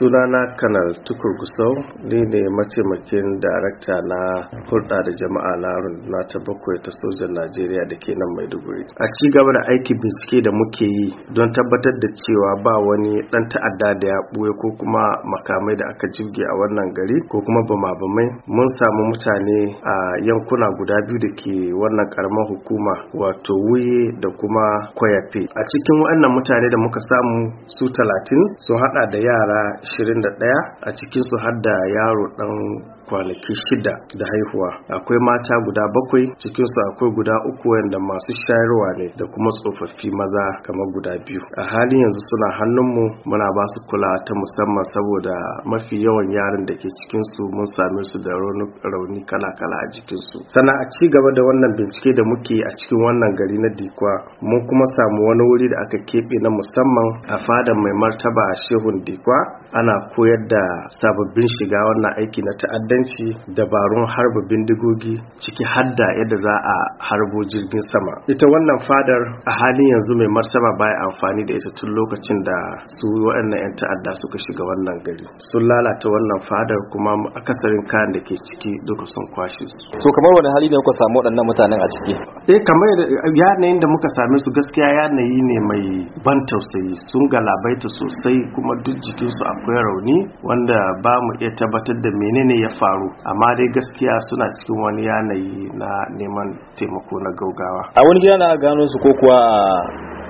sunana kanal tukur gusau ni ne mataimakin darakta na hulɗa da jama'a na runduna ta bakwai ta sojan najeriya da ke nan maiduguri a ci gaba da aikin bincike da muke yi don tabbatar da cewa ba wani ɗan ta'adda da ya ɓuya ko kuma makamai da aka jirge a wannan gari ko kuma bamabamai bamai mun samu mutane a yankuna guda biyu da ke wannan karamar hukuma wato wuye da kuma kwayafe a cikin wannan mutane da muka samu su talatin sun haɗa da yara da ɗaya a cikinsu su da yaro ɗan kwanaki shida da haihuwa akwai mata guda bakwai cikinsu akwai guda uku wanda masu shayarwa ne da kuma tsofaffi maza kamar guda biyu a halin yanzu suna hannunmu muna ba su kula ta musamman saboda mafi yawan yaran da ke cikinsu mun same su da rauni kala-kala a jikinsu sannan a ci gaba da wannan bincike da muke a cikin wannan gari na dikwa mun kuma samu wani wuri da aka keɓe na musamman a fadar mai martaba a shehun dikwa ana koyar da sababbin shiga wannan aiki na ta'addanci kasuwanci dabarun harba bindigogi ciki hadda yadda za a harbo jirgin sama ita wannan fadar a halin yanzu mai martaba baya amfani da ita tun lokacin da su waɗannan 'yan ta'adda suka shiga wannan gari sun lalata wannan fadar kuma akasarin kayan da ke ciki duka sun kwashe su to kamar wani hali ne kuka samu waɗannan mutanen a ciki eh kamar yanayin da muka same su gaskiya yanayi ne mai ban tausayi sun galabaita sosai kuma duk jikinsu akwai rauni wanda ba mu iya tabbatar da menene ya faru faru amma dai gaskiya suna cikin wani yanayi na neman taimako na gaugawa a wani gida na gano su ko kuwa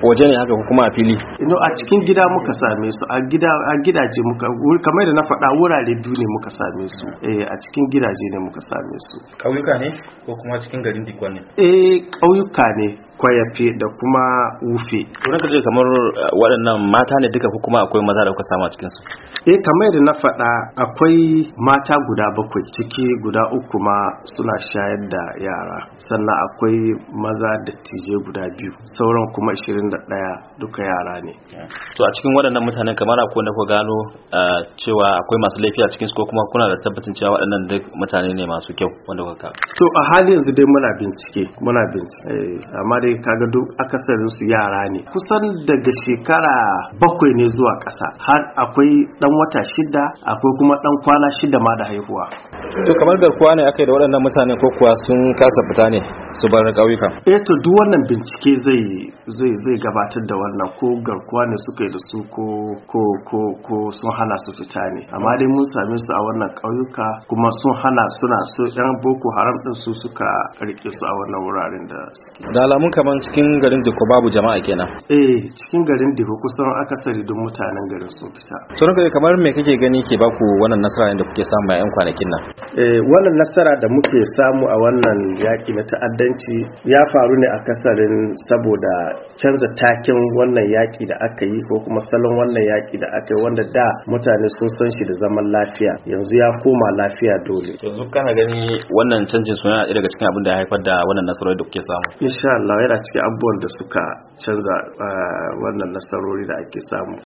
waje ne haka kuma a fili ino a cikin gida muka same su a gida a gidaje muka kamar da na faɗa wurare biyu ne muka same su eh a cikin gidaje ne muka same su kauyuka ne ko kuma cikin garin dikwa ne eh ƙauyuka ne kwayafe da kuma wufe kuma kaje kamar eh, waɗannan mata ne duka ko kuma akwai maza da kuka samu a cikin su eh kamar da na faɗa akwai mata guda bakwai ciki guda uku ma suna shayar da yara sannan akwai maza da tije guda biyu sauran kuma 20 21 duka yara ne to a cikin waɗannan mutanen kamar ko na ku gano cewa akwai masu laifi a cikin su ko kuma kuna da tabbacin cewa waɗannan duk mutane ne masu kyau wanda kuka to a halin yanzu dai muna bincike muna bincike eh, amma dai kaga duk akasarin su yara ne kusan daga shekara bakwai ne zuwa ƙasa har akwai dan wata shida akwai kuma dan kwana shida ma da haihuwa to kamar garkuwa ne aka yi da waɗannan mutane ko kuwa sun kasa fita ne su bar ƙauyuka eh to duk wannan bincike zai zai zai gabatar da wannan ko garkuwa ne suka yi da su ko ko ko ko sun hana su fita ne amma dai mun same su a wannan ƙauyuka kuma sun hana suna so yan boko haram din su suka rike su a wannan wuraren da suke da alamun kamar cikin garin ko babu jama'a kenan eh cikin garin ko kusan akasari duk mutanen garin sun fita to kamar me kake gani ke baku wannan nasara da kuke samu a yan kwanakin nan Eh, wannan nasara da muke samu a wannan yaƙi na ta'addanci ya faru ne a kasarin saboda canza takin wannan yaƙi da aka yi ko kuma salon wannan yaƙi da aka yi wanda da mutane sun san shi da zaman lafiya yanzu ya koma lafiya dole yanzu kana gani wannan canjin suna yana daga cikin abin da ya haifar da wannan nasarori da kuke samu insha Allah yana cikin abubuwan da suka canza ah, wannan nasarori da ake samu